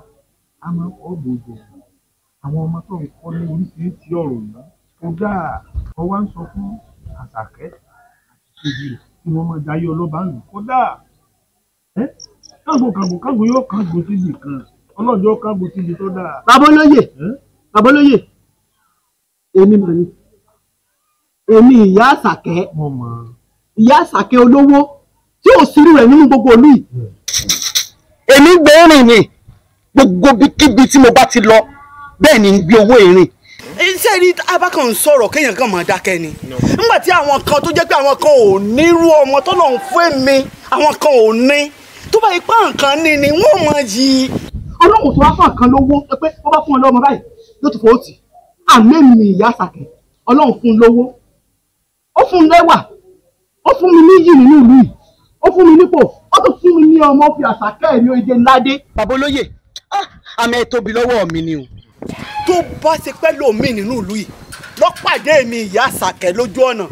a máa ń kọ́ gbogbo àwọn ọmọ tó ń kọ́ ní oríṣiríṣi ọ̀rọ̀ yìí ó dáa ọwọ́ ń sọ fún àṣàkẹ́ kejì tí wọ́n máa jayé ọlọ́ba ń lù kó dáa kágo kágo kágo yóò kágo síbi kan ọlọ́jọ́ kágo síbi tó dáa. babalóye babalóye èmi mọ̀ ni èmi ìyá àṣàkẹ́ ìyá àṣàkẹ́ olówó tí ò sírú rẹ̀ nínú gbogbo olú yìí èmi gbé rìn ni gbogbo bíkíbi tí mo bá ti lọ bẹ́ẹ̀ ni ń gbé owó ìrìn. iṣẹ́ ni abákan ń sọ̀rọ̀ kéèyàn kan máa dákẹ́ ni nígbà tí àwọn kan tó jẹ́ pé àwọn kan ò nírú ọmọ tó lọ́n fún mi àwọn kan ò ní tó bá ipá nǹkan ní ni wọ́n mọ̀ yí. ọlọ́run tó wá fún nǹkan lówó pé wọ́n bá fún ọ lọ́mọ báyìí yóò ti fọ́ òtì àmì mi ìyá àsàkẹ́ ọlọ́run fún un lówó ó fún un lẹ́wà ó fún mi níyì nínú ìlú yìí ó fún mi nípò wọ́n tún fún mi ní ọmọ fi àṣàkẹ́ ẹ̀mí oje ládé. bàbá olóyè ah, àmì ẹ̀ tóbi lọ́wọ́ mi ni o. tó bá ṣe pẹ́ lómi nínú ìlú yìí lọ́pàdé mi ìyá àṣàkẹ́ lójú ọ̀nà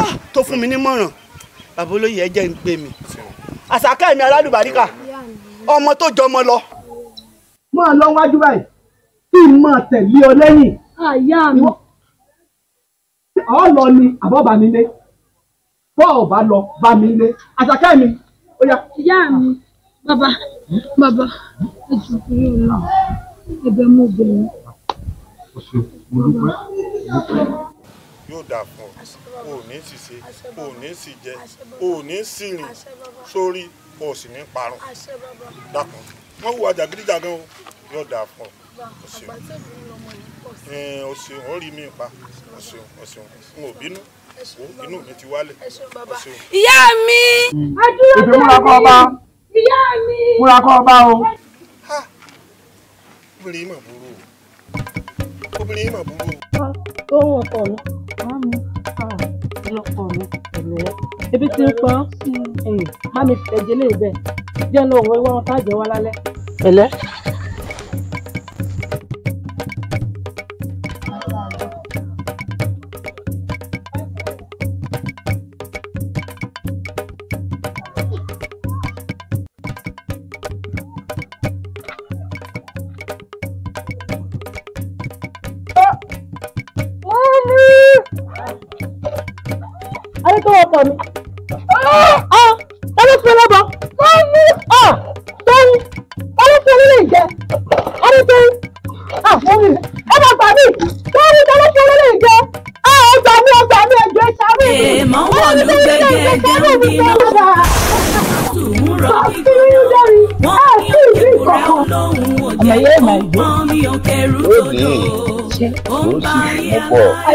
ah, tó fún mi nímọ̀ràn bàbá olóyè ẹ jẹ́ ń gbé mi àṣàkẹ́ mi alálùbáríkà ọmọ tó jọmọ lọ. máa lọ wájú báyìí tí máa tẹ̀lé ọ lẹ́yìn. àyà ah, mi. ọ lọ ni àbọ̀ bá mi lé bọ́ọ̀ bá lọ bá mi lé àṣàkẹ́ mi ìyá mi bàbá bàbá ẹjọ kúrò lọ ẹ̀bẹ̀ mo bẹ̀rẹ̀. yóò dà fún ọ o ò ní sì ṣe o ò ní sì jẹ o ò ní sì rìn sórí o ò sì ní parun dàpọ̀ wọ́n wo àjàgídíjàgan o yóò dà fún ọ o ṣeun o ṣeun ó rí mi pa o ṣeun o ṣeun n ò bínú inú mi ti wálẹ̀. ìyá mi. ètò múra kọ́ ọba múra kọ́ ọba o. obìnrin mà burú o obìnrin mà burú o. ohun ọkọ mi máa mi ọlọpọ mi ẹmí rẹ ebi ti ń pọn ẹyìn má mi fẹjẹ lé ibẹ̀ jẹ ní òun ẹwà wọn ká jẹ wá lálẹ́. ẹlẹ.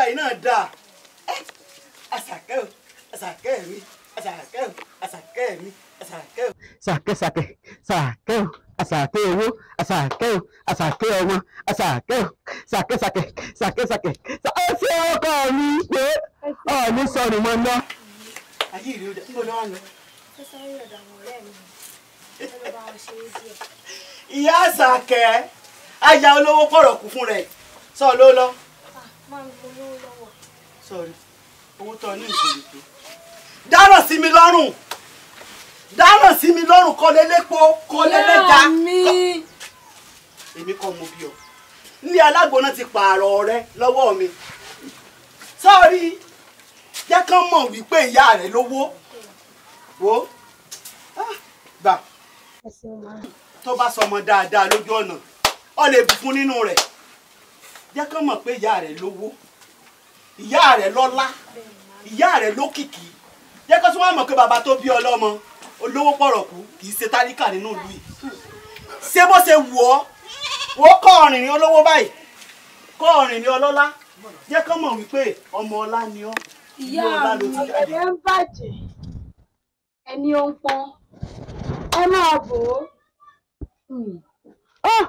kọ́dà yìí náà dáa àṣàkẹ́ o àṣàkẹ́ mi àṣàkẹ́ o àṣàkẹ́ mi àṣàkẹ́ o. ṣàkẹ́ ṣàkẹ́ ṣàkẹ́ o àṣàkẹ́ owó àṣàkẹ́ o àṣàkẹ́ ọmọ àṣàkẹ́ o ṣàkẹ́ ṣàkẹ́ ṣàkẹ́ ṣàkẹ́ ó ṣe ọkọ mi pé ọ̀ọ́ni sọnù mọ́ ná. ayé ìlú ń bọ̀ náà lọ. ó sọ yóò dà wọ́n rẹ̀ mi ìyá àṣàkẹ́ ajá olówó pọ̀rọ̀ kù fún rẹ̀ sọ ló lọ sọrí owó tó ní ìkòlè tó. dáràn sí mi lọ́rùn dáràn sí mi lọ́rùn kọ́lé lépo kọ́lé lẹ́ja. èmi kọ́ mo bí ọ nílé alágbóná ti pààrọ̀ rẹ lọ́wọ́ mi sọrí jẹ́ kán mọ̀ wípé ìyá rẹ̀ lówó wo ah, gbà tó bá sọmọ dáadáa lójú ọ̀nà ọ lè bù fún nínú rẹ̀ jẹ́ kán mọ̀ pé ìyá rẹ̀ lówó ìyá rẹ̀ lọ́lá ìyá rẹ̀ lókìkí jẹ́ kán tí wọ́n mọ̀ pé bàbá tó bí ọlọ́mọ olówó pọ̀rọ̀kú kì í ṣe tálíkà nínú ìlú yìí ṣé bó ṣe wù ọ́ wò kọ́ ọ̀rìnrìn olówó báyìí kọ́ ọ̀rìnrìn ọlọ́lá jẹ́ kán mọ̀ wípé ọmọ ọlá ni ọ́ ìyá mi ẹ̀rẹ́ ń bàjẹ́ ẹni ó ń pọ́n ẹ máa bò ó. Hmm. Ah!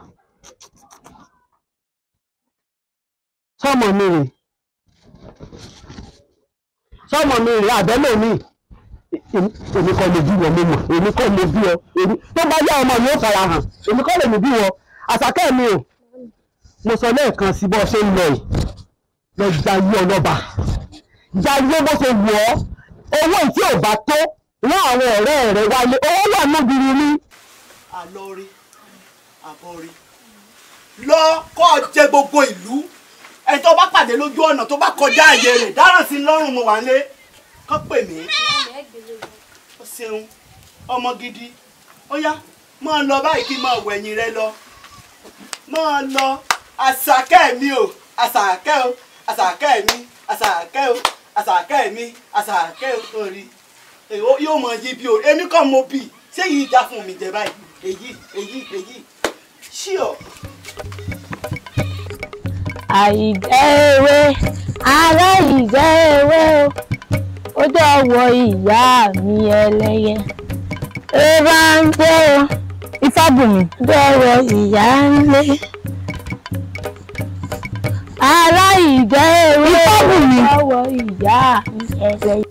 sọmọ mi rè sọmọ mi rè àbẹ́lẹ̀ mi èmi kọ́ lè bí wọ mo mọ̀ èmi kọ́ lè bí ọ èmi tó bá yá ọmọ mi ó fara hàn èmi kọ́ lè mi bí wọ àsàkẹ́ mi o mo sọ lẹ́ẹ̀kan sí bó ṣe ń lọ yìí lọ jayé ọlọ́ba jayé bó ṣe wù ọ́ owó tí ò bá tó rán àwọn ọ̀rẹ́ rẹ wálé owó wà lóbìrì ní. àlọ́ rí àbọ̀ rí lọ kọ́ ọ jẹ gbogbo ìlú ẹ tó bá pàdé lójú ọ̀nà tó bá kọjá àyè rẹ̀ dáràn sí lọ́rùn mo wà lé kọ́ pè mí. ó ṣeun ọmọ gidi ó yá máa lọ báyìí kí n máa wẹ̀yìn rẹ lọ máa lọ àṣàkẹ́ mi o àṣàkẹ́ o àṣàkẹ́ mi àṣàkẹ́ o àṣàkẹ́ mi àṣàkẹ́ o rí yóò mọ yí bí o èmi kàn mo bì ṣé yìí dá fún mi jẹ báyìí èyí èyí èyí ṣí àìjẹ́ ewé ará ìjẹ́ ewé o ó dọ̀wọ́ ìyá mi ẹlẹ́yẹ ẹ bá ń gbé o ifábùnmi dọ̀wọ́ ìyá ń lé ará ìjẹ́ ewé ifábùnmi dọ̀wọ́ ìyá mi ẹlẹ́yẹ.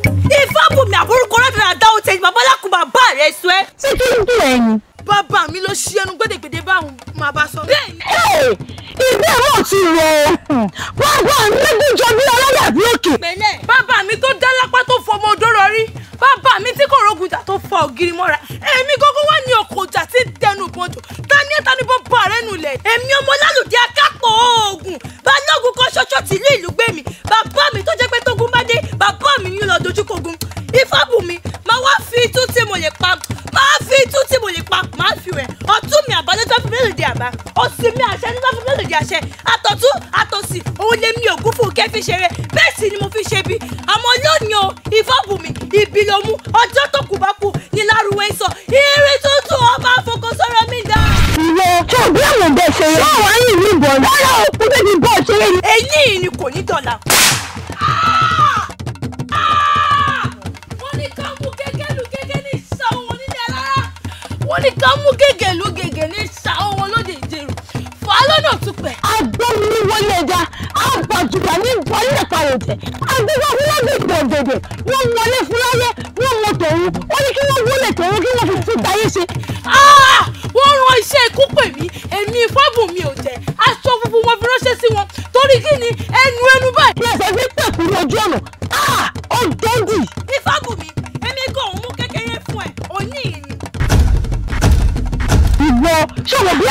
ifábùnmi àbúrúkọ rẹ̀ dáadáa ó tẹ̀yìn babalákùn bàbá rẹ̀ sọ ẹ́. ṣé kí n dùn ẹ̀yìn. bàbá mi ló ṣí ẹnu gbèdégbèdé báwọn máa bá sọ. bẹ́ẹ̀ ni ìgbé mọ̀ ti rọ̀ bàbá mi gúnjọ bí ọlọ́wà bí òkè. bàbá mi tó dá lápá tó fọmọ odó rọrí bàbá mi tí kò rogunjà tó fa ògiri mọ́ra èmi gógó wà ní ọkọjà tí dẹnu bọ́jú tani tani bọ́ bọ́ ààrẹ nulẹ̀ èmi ọmọ lálùdí akápọ̀ oògùn balógun kan ṣoṣo tìlú ìlú gbé mi bàbá mi tó jẹ́ pé tógun bá dé bàbá mi yín lọ dojú kogun Ifábùnmi máa wá fi itú tí mo lè pa máa fi itú tí mo lè pa máa fi wẹ̀ ọ̀tún mi àbá lọ́jọ́ fún mélòó di àbá òsì mi àṣẹ lọ́jọ́ fún mélòó di àṣẹ àtọ̀tún àtòsì òun lè mi ògún fún kẹ́ fi ṣeré bẹ́ẹ̀ sì ni mo fi ṣe bí àmọ́ lónìí o Ifábùnmi ìbí ló mú ọjọ́ tó kù bá kù ní lárúwẹ́ sọ irin tuntun ọba àfọkànsọ́rọ̀ mi dá. ìwọ tó bí àwọn ọ̀dọ́ ṣe yẹ. báwo á yìí ìbọn rárá ni. eyín ni wọ́n ní ká mú gègé ìlú gègé ní ṣàwọn wọn lóde ìjẹrù fà á lọ́nà túpẹ̀. agbẹ́niwọlé ẹja àgbàjùgbà ní ìbọ̀lì ẹ̀paròjẹ́ agbẹ́wọ́wọ́lọ́gbẹ̀ gbọ̀gẹ̀dẹ̀ wọ́n wọlé fúláyé wọ́n mọ tòun ó ní kí wọ́n wọlé tòun kí wọ́n fi tún dayé ṣe. Ah! wọ́n ran iṣẹ́ ikú pè mí èmi ìfọ́bùn mi ò jẹ́ aṣọ funfun wọn fi ránṣẹ́ sí wọn torí kí ni ẹnu ẹnu báyìí. bí ẹsẹ̀ fi pẹ̀kú lójú ọ̀nà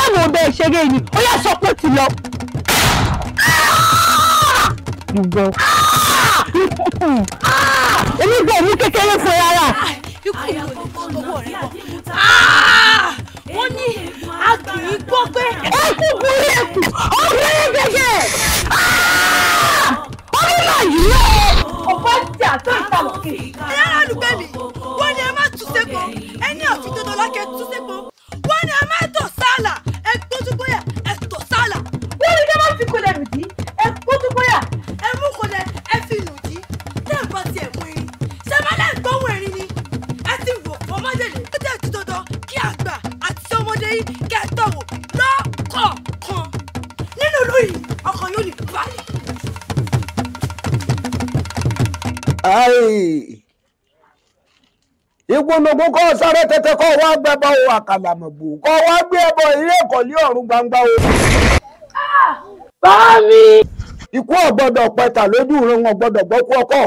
bóyá mò ń bẹ ìṣeré ni ó yà sọ pé ó ti lọ. ìgbọ́ èmi gbọ́ òun kékeré fún rárá. wọ́n ní a kì í gbọ́ pé. ẹ kú kúrú ẹkù ọkùnrin gẹ́gẹ́ ọmọ yìí lọ. ọ̀pọ̀ ti àtọ́ ìtàlọ́kì. ẹ̀yà lálùbẹ́ mi wọ́n ní ẹ má túnṣe pọ̀ ẹ ní ọ̀fìn tó dọ́lọ́kẹ́ túnṣe pọ̀. igúnnugún kọ́ sáré tètè kọ́ wá gbẹ́bọ o àkàlàmọ̀gbò kọ́ wá gbé ẹbọ ilé ìkọ̀lé ọ̀run gbangba o. ikú ọ̀gbọ́dọ̀ pẹ̀tà lójú ìran wọn gbọ́dọ̀ gbọ́ ọkọ.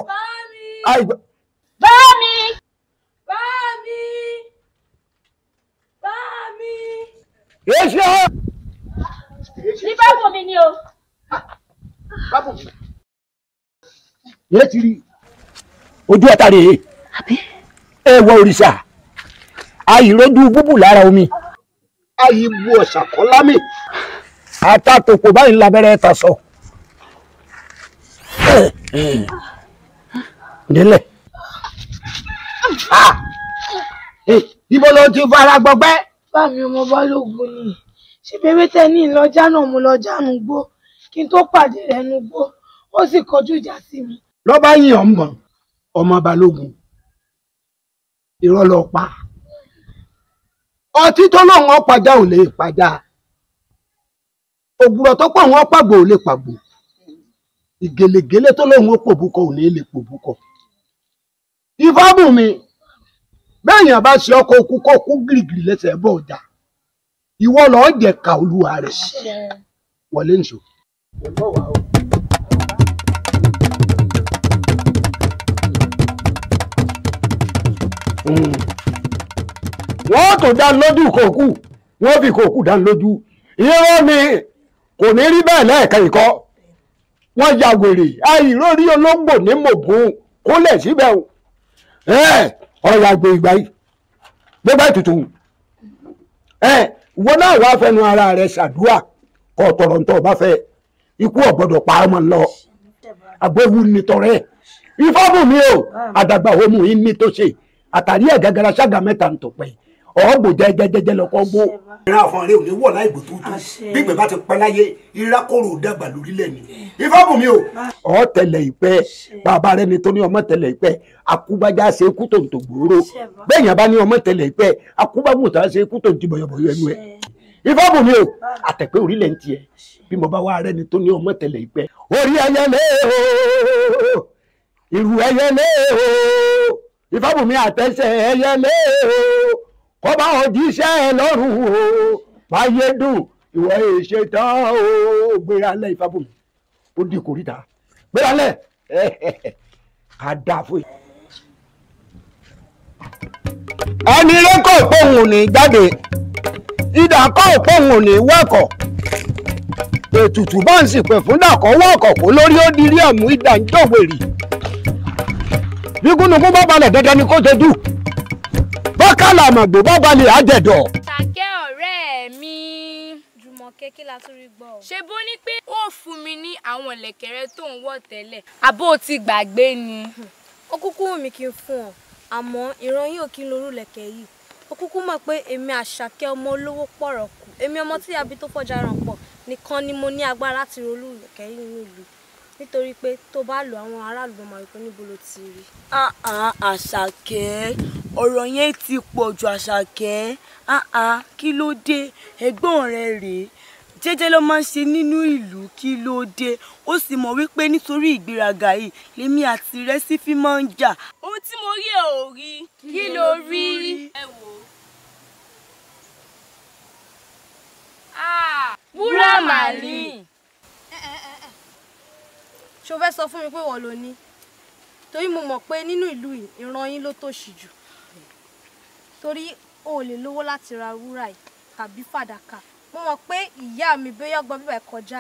bàbá ní báwo mi ni o. báwo ojú ọ̀tá rèé. àbí ẹ wọ òrìṣà àìrójú búbù lára omi àìbu ọ̀sà kan lámì àtàtòkò báyìí labẹ́rẹ́ ta sọ. délẹ̀ ah! eh, ibo ló ti fara gbọgbẹ́. báàmì ọmọ balógun ni ṣebí ewé tẹ ní ìlọjà náà mo lọ jánu gbó kí n tó pàdé rẹ nu gbó ó sì kọjú ìjà sí mi. lọ́ba yìí ọ̀mọ̀ ọmọ balógun irọ́ lọ pa ọtí tó lóun ọ̀pàjá ò lè pàjá ògbúrọ̀ tó pọ̀ wọn pàgbò ò lè pàgbò ìgèlègèlè tó lóun ó pòbúkọ ò lè lè pòbúkọ ìfọ́bùnmi bẹ́ẹ̀yàn bá ṣe ọkọ̀ òkú kọ́ kú lẹ́sẹ̀ ìwọ lọ́ọ́ jẹ̀ka olúwa rẹ̀ wọlé wọ́n tó dánilójú kòókù wọ́n fi kòókù dánilójú irọ́ ni kò ní rí bẹ́ẹ̀ lẹ́ẹ̀kan ìkọ́ wọ́n ya wèrè àìrórí olóńgbò ní mògùn kólẹ̀ síbẹ̀ o ọ̀rọ̀ àgbè ìgbà yìí gbégbá ètùtù wọn náà wàá fẹnu ara rẹ ṣàdúrà kọ tọrọ ntọ bá fẹ ikú ọgbọdọ pa ọmọ lọ àgbẹwù nítọrẹ ìfọbùnmi o àdàgbà òmù yìí ní tó ṣe àtàrí ẹ̀ gàgàrà ṣága mẹ́ta ń tọpẹ́ ọ̀ọ́gbò jẹ́jẹ́jẹ́jẹ́ lọ́kọ́ gbó. ìrà àfọ̀nrẹ́ òní wọ̀ láì gbòtó tó gbígbẹ́ bá ti pẹ́ láyé ìrà kòrò dàgbà lórílẹ̀ ni ìfọ́bùnmi o. ọ̀ tẹ̀lẹ̀ ìpẹ́ bàbá rẹ ni tó ní ọmọ tẹ̀lẹ̀ ìpẹ́ akúbájá ṣe kú tó ń tó gbòòrò bẹ́ẹ̀ yẹn bá ní ọmọ tẹ̀lẹ̀ ìpẹ́ akúbámùtà ṣe kú tó ń ti bọ̀yọ̀bọ̀yọ̀ ẹnu ìfàbùnmi àtẹ̀sẹ̀ ẹyẹlé o kọ́ba òjíṣẹ́ ẹ lọ́rùn o fàyè dùn ìwọ èṣe tán o gbéralẹ̀ ìfàbùnmi ó di kòríta gbéralẹ̀ ká dáa fún yìí. ẹni ló kọ́ òpóhùn ò ní jáde ìdá kọ́ òpóhùn ò ní wọ́kọ̀ ètùtù bá ń sìpẹ̀ fún dàkọ́ wọ́kọ̀ kó lórí ó dirí ẹ̀mú ìdá ń jọ̀wèrè bí gúnugún bá balẹ̀ dandan ni kó ṣe dù bọ́kàlà àmàgbò bá balẹ̀ àjẹ̀dọ̀. Sàkẹ́ ọ̀rẹ́ mi Jùmọ̀kẹ́ kí la tún rí gbọ́ o. ṣe bó ní pé ó fún mi ní àwọn ìlẹ̀kẹ̀rẹ̀ tó ń wọ̀ tẹ́lẹ̀ àbó o ti gbàgbé ni. ó kúkú wù mí kí n fún ọ àmọ́ ìran yìí ò kí n lorú lẹ̀kẹ̀ yìí ó kúkú mọ̀ pé èmi àṣàkẹ́ ọmọ olówó pọ̀rọ̀ kù èmi ọmọ tí àbí tó fọjá ràn pọ̀ nìkan ni mo ní agbára láti rolú lẹ̀kẹ̀ yìí nínú nítorí pé tó bá lọ àwọn aráàlú ló máa rí pé níbo ló ti rí. àṣàkẹ́ ọ̀rọ̀ yẹn ti pọ̀ jù àṣàkẹ́ kí ló dé ẹ̀gbọ́n rẹ rèé jẹ́jẹ́ ló máa ń ṣe nínú ìlú kí ló dé ó sì mọ̀ wípé nítorí ìgbéraga yìí lèmi àti rẹ fi máa ń jà. ohun tí mo rí ẹ ò rí kí ló rí. wúrà ah! màlì. Eh, eh, eh, ṣó fẹ́ sọ fún mi pé wọ́n ló ní torí mo mọ̀ pé nínú ìlú yìí ìran yín ló tòṣì jù torí o ò lè lówó láti ra wúrà yìí tàbí fàdákà mo mọ̀ pé ìyá mi bóyá gbọ́ bíbẹ̀ kọjá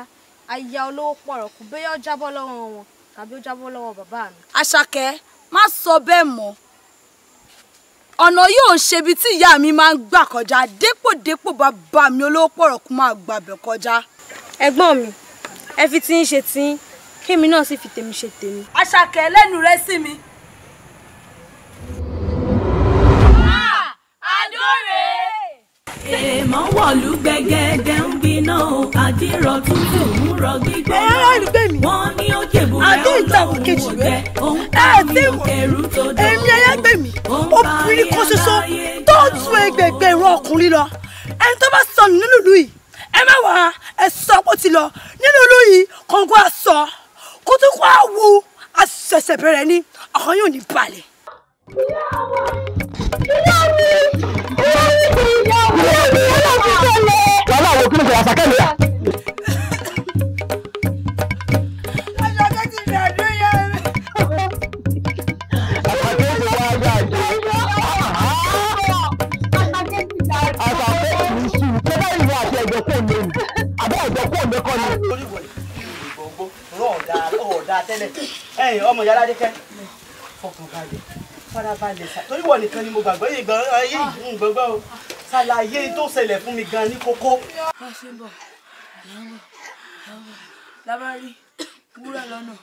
àyà olówó pọ̀rọ̀ kù bóyá ó jábọ́ lọ́wọ́ wọn tàbí ó jábọ́ lọ́wọ́ bàbá mi. àṣàkẹ́ má sọ bẹ́ẹ̀ mọ́ ọ̀nà yóò ṣe ibi tí ìyá mi máa ń gbà kọjá dépòdépò bàbá mi olówó pọ̀rọ̀ kù máa gbàbẹ̀ kọjá. ẹ̀gbọ́n mi ẹ fi tí ń ṣe tí ń kémi náà sì fi tèmi ṣe tèmi. àṣàkẹ́ lẹ́nu rẹ sí mi. Ah, èèmọ̀ wọ̀lú gbẹgẹdẹ ń gbiná o àdìrọ̀ tútù ń rọ gbígbẹ́ wọn ní òkè bùrẹ́ olóhùn òjẹ́ òun ká mi ẹ̀rù tó dọ̀ èmi ẹlẹ́gbẹ́ mi obìnrin kan ṣoṣo tó tu ẹgbẹ̀gbẹ̀ ìran ọkùnrin lọ ẹni tó bá sọnù nínú ìlú yìí ẹ má wàá ẹ sọ pé ó ti lọ nínú ìlú yìí kọ̀ǹgọ́ àsọ kó tó kó àwo àṣẹ̀ṣẹ̀ bẹ̀rẹ̀ ni ọkàn yóò ní balẹ̀. ìyá mi ìyá mi ìyá mi ìyá mi ìyá mi ìyá mi. lọ́la àwọn òkú nìkan àṣàkẹ́ mi rà. àṣàkẹ́ kì í sùn tó bá ìwọ àti ẹ̀jọ̀ kò lè àbẹ́ ẹ̀jọ̀ kò lè kọ́ ni dáadáa tẹ́lẹ̀ ẹ̀yìn ọmọ ìyá aládékẹ́ fọkàn balẹ̀ farabalẹ̀ sá torí wọ̀ nìkan ni mo gbàgbọ́ yìí gan ayé yìí o ṣàlàyé tó ṣẹlẹ̀ fún mi gan ní kókó. bá a ṣe ń bọ̀ lábárí wúrà lọ́nà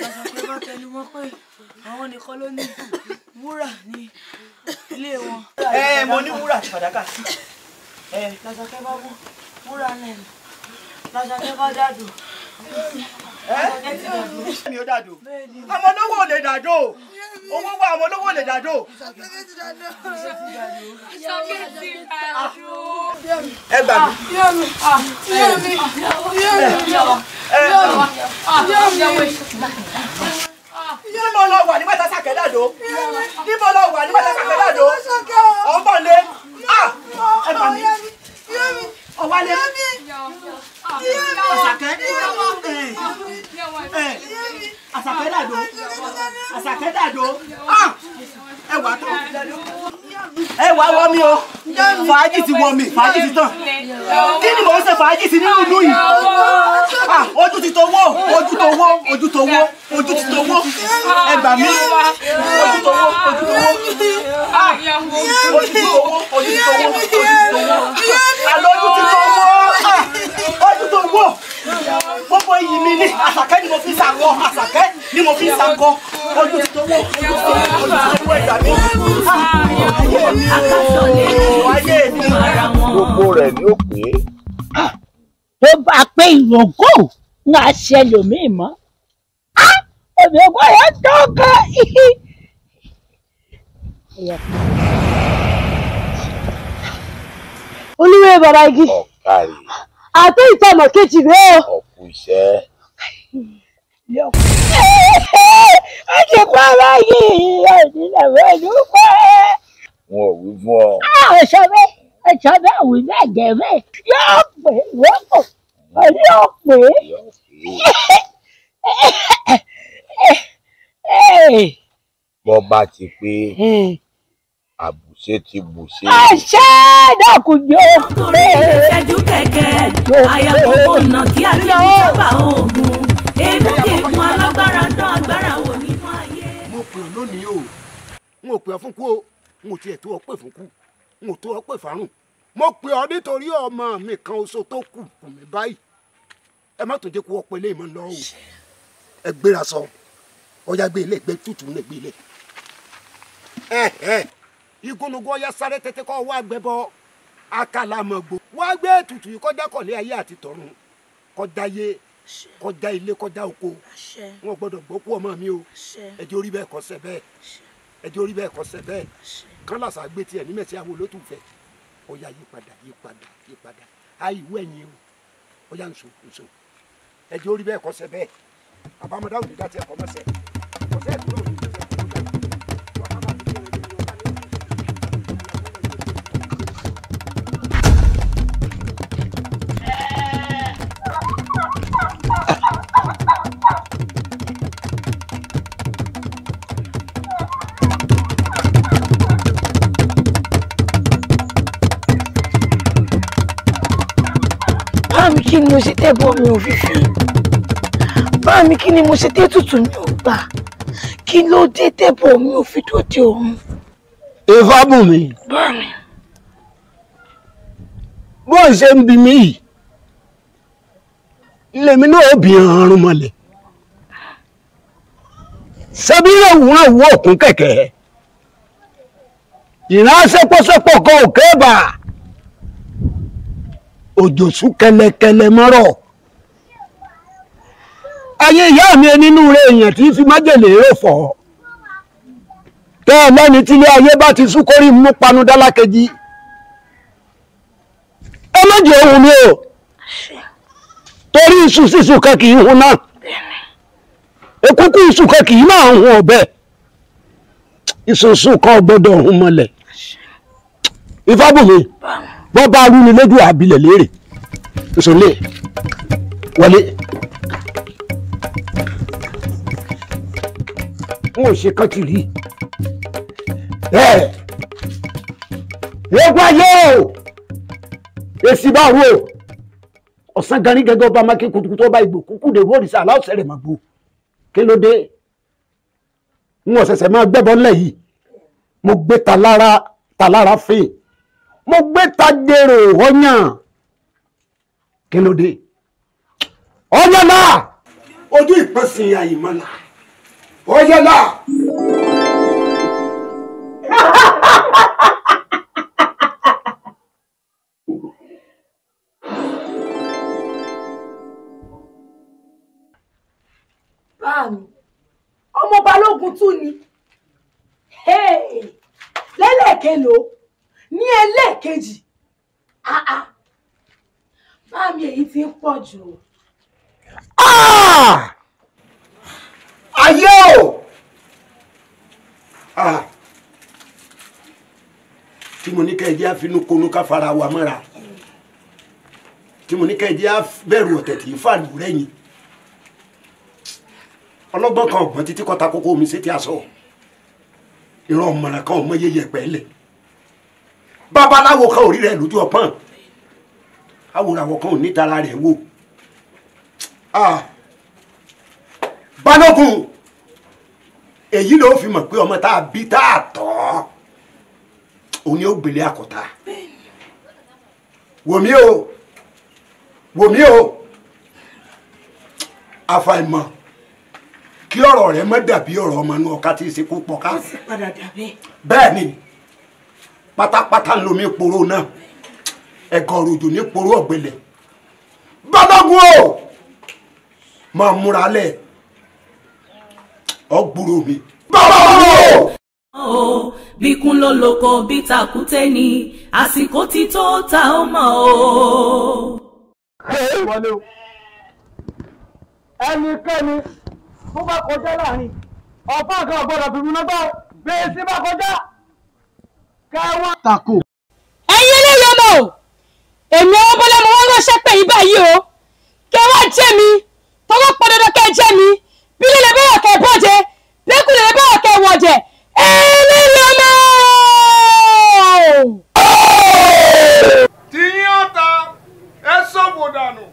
lọ́sọ̀ pé bá tẹnu wọn pé àwọn nìkan ló ní wúrà ní ilé wọn. ẹ mo ní wúrà fàdákà ẹ lọ́sọ̀ pé bá wúrà náà lọ́sọ̀ bá dàdùn mi ò dàdó ọmọ olówó ò lè dàdó owó wa ọmọ olówó ò lè dàdó. ẹ gbà mí. níbo lọ wà nígbà tá a sàkẹ́ dàdó níbo lọ wà nígbà tá a sàkẹ́ dàdó ọ̀nbọ̀nlé ah! ẹ gbà mí ọ̀wálé. Àṣàkẹ́ Àṣàkẹ́ dàdó Àṣàkẹ́ dàdó ẹ wà tó ẹ wà mi o fàájì ti wọ mi fàájì ti tàn kí ni mò ń ṣe fàájì sí nínú ìlú yìí ojú ti towó ojú towó ojú towó ojú ti towó ẹ gbà mí ojú towó ojú towó ojú towó ojú towó ojú towó alójú ti towó wò gbogbo iyì mi ní àṣàkẹ́ ni mo fi ṣàkọ àṣàkẹ́ ni mo fi ṣàkọ ojú ti tó wò ojú ti tó wò ẹ̀dá mi. ayé mi ooo ayé mi. gbogbo rẹ̀ ni ó pé. tó bá pé ìrògó ń àṣẹ lòmíì mọ́ ìrògó yẹn tó gan. olúwe bàbá igi. ọ̀kàrí àti ìtọ̀mọ̀ kejì rèé o. ọ̀pù iṣẹ́. ó ti pa báyìí onílẹ̀wé ló pẹ́. wọn ò wí fún ọ. a sọ bẹ́ẹ̀ a sọ bẹ́ẹ̀ òun náà jẹ́ bẹ́ẹ̀ yóò pè wọ́pọ̀ òní yóò pè é. bọ́ bá ti pé. Eh ṣé ti bù ṣe. àṣẹ dàkúnjọ pé. ìṣẹ́jú kẹ̀kẹ́ ayàwó nà kí akéwì sábà oògùn èmi kì í mú alágbára dán agbára wò nínú ayé. mo pè ọ́ lónìí o n ò pè ọ́ fún kú o n ò tiẹ̀ tó ọ pè fún kú n ò tó ọ pè fárùn mo pè ọ́ nítorí ọmọ mi kan oṣù tó kù kù mí báyìí ẹ má tún jẹ́ kó ọpọ ilé ìmọ̀ lọ o ẹ gbéra sọ ọjà gbé ilé gbé tútù nílẹ̀ gbé ilé igúnnugún ọyá sáré tètè kọ́ wá gbẹbọ akálàmọ̀gbò wá gbé ètùtù yìí kọjá kọ̀lé ayé àti tọ̀run kọjá yé kọjá ilé kọjá oko wọn gbọ́dọ̀ gbókú ọmọ mi o ẹjẹ orí bẹ́ẹ̀ kọsẹ̀ bẹ́ẹ̀ ẹjẹ orí bẹ́ẹ̀ kọsẹ̀ bẹ́ẹ̀ kán làṣà gbé tiẹ̀ nímẹ̀sí àwọn olótùfẹ́ ọyá yípadà yípadà yípadà àìwú ẹ̀yìn o ọyá nsọ nsọ ẹjẹ orí bẹ́ẹ̀ kọsẹ̀ bẹ́ẹ̀ àbámọ̀dá òdìdá tiẹ̀ kọ́ mọ́sẹ̀ kọsẹ̀ ìdúró mi. kí ni mo ṣe tẹ́bọ̀ mi ò fi fẹ́ bá mi kí ni mo ṣe tẹ́ tutù mi ò gbà kí ló dé tẹ́bọ̀ mi ò fi dòde òun. ìfọ́ bùn mi. bá mi. bó ń ṣe ń bi mí yìí lèmi náà ó bì ọrùn mọ́lẹ̀ ṣebí yóò wúrọ̀ wú òkun kẹ̀kẹ́ ìránṣẹ́ pọ́sẹ́pọ̀ kan ò kẹ́ bàá. òjòsú kẹlẹkẹlẹ mọ́rọ̀ ayé ìyá mi nínú rẹ̀ èèyàn tí fi májèlé rò fọ́ tẹ́ ẹ lẹ́ni tílé ayé bá ti sú panu dálákejì ẹ òun ni o torí iṣu sísun kan kì hun náà hun ọ̀bẹ wọ́n bá rú ni lójú àbílẹ̀ léèrè. ìṣòlè wọlé. n ò ṣe kán ti rí bẹ́ẹ̀ eégún ayé o èsì bá wo ọ̀sán ganí gẹ́gẹ́ ọba mákè kutukutu ọba ìgbò kúkú lè wọ́ọ̀rì sí aláwọ̀sẹ̀ rẹ̀ máa gbó kí ló dé n ò ṣẹ̀ṣẹ̀ máa gbẹ́bọ̀ ńlẹ̀ yìí mo gbé ta lára ta lára fèè mo gbé ta dèrò ọyàn kí ló dé ọyọlá ojú ìpẹ́sìn àyìnmọ́lá ọyọlá. báàmì ọmọ balógun tún ni lẹ́lẹ̀kẹ́ lòó ní ẹlẹ́ẹ̀kejì àà báàmì èyí ti ń pọ̀ jù o. Ah! ayé o ah! tí mo ní kẹ́ẹ̀jẹ́ àfinúkonú ká fara wa mọ́ra tí mo ní kẹ́ẹ̀jẹ́ àbẹ̀rù ọ̀tẹ̀ kì í fàlù rẹ́yìn ọlọ́gbọ́n kan ọ̀gbọ́n títí kọ́ta kókó mi sétí aṣọ ìran ọ̀mọ̀ràn kan ọ̀mọ yẹyẹ pẹ́ẹ́lẹ̀ babaláwo kan ò rí rẹ̀ lójú ọpọ́n awòràwọ̀ kan ò ní tara rẹ̀ wò balógun èyí ló fi mọ̀ pé ọmọ tá a bí tá a tọ́ òun ni ó gbélé àkọ́tà wòmí o wòmí o àfàìmọ̀ kí ọ̀rọ̀ rẹ mọ́ dàbí ọ̀rọ̀ ọmọ inú ọ̀ka tí ì ṣe kú pọ̀ ká. bẹ́ẹ̀ ni pátápátá lomi poro náà ẹ̀gọ́ òròjò ní poro ọ̀gbẹlẹ̀ balógun o máa múra lẹ̀ ọ̀gbúrò mi balógun o. o bíkún ló lóko bí takùté ni àsìkò ti tó ta ó mọ̀ o. ẹnikẹ́ni tó bá kọjá láàrin ọ̀pá kan ọ̀gbọ́dọ̀ fi náà bá bẹ́ẹ̀ sí bá kọjá kẹwà tako. ẹ̀yin eléyìí ọmọ o èmi ọwọ́ bọ́lá mo wọ́n ránṣẹ́ pé yín báyìí o kẹwà jẹ́ mi tọwọ́ pọn dandan kẹ́ jẹ́ mi bí lè lè bẹ́yà kẹ́ bọ́jẹ lẹ́kùn lè lè bẹ́yà kẹ́ wọ̀jẹ̀ eléyìí ọmọ. tìyín ọ̀tá ẹ sọ̀bù dànù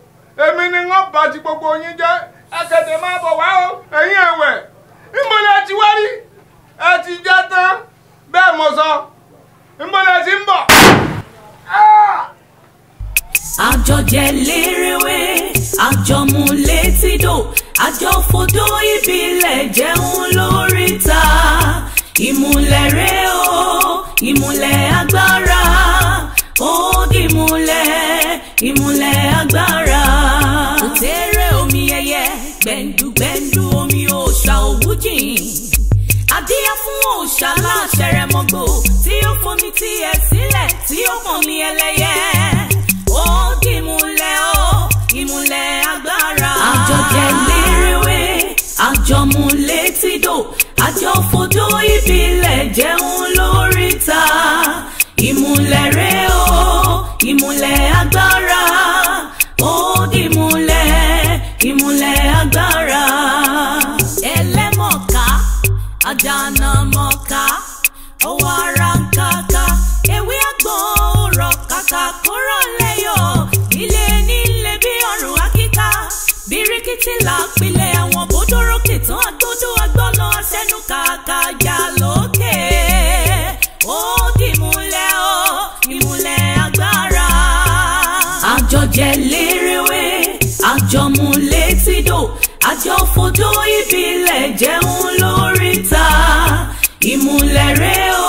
èmi ni wọ́n bàjẹ́ gbogbo yín jẹ́ akẹ́dẹ̀ máa bọ̀ wá o ẹ̀yin ẹ̀wẹ̀ ìmọ̀lẹ̀ ti wá rí ẹ ti jẹ́ tán bẹ́ẹ̀ mo sọ ń bọ̀ lẹ sí ń bọ̀. àjọjẹ lérewé àjọmú létídò àjọfodó ìbílẹ̀ jẹun lóríta ìmùlẹ̀ rẹ̀ o ìmùlẹ̀ agbára ó dìmúlẹ̀ ìmùlẹ̀ agbára. òtẹ́rẹ́ omi ẹyẹ gbẹ̀ndùgbẹ̀ndù omi òòṣà òwújìn adíyá fún òòṣà láṣẹrẹ mọ́gbò tiẹ̀ sílẹ̀ tí ó kàn mí ẹlẹ́yẹ. ó dìmúlẹ̀ ó ìmúlẹ̀ agbára. àjọjẹ lérèwé àjọmúlétìdò àjọfojú ìbílẹ̀ jẹun lórí. là pilẹ̀ àwọn bódórókè tán agbódó agbọ́nà aṣẹ́nu kàkà yà lókè ó di ìmúlẹ̀ ó ìmúlẹ̀ agbára. àjọjẹ lérewé àjọmú létídò àjọfodó ìbílẹ̀ jẹun lóríta ìmúlẹ̀ rẹ̀ ó.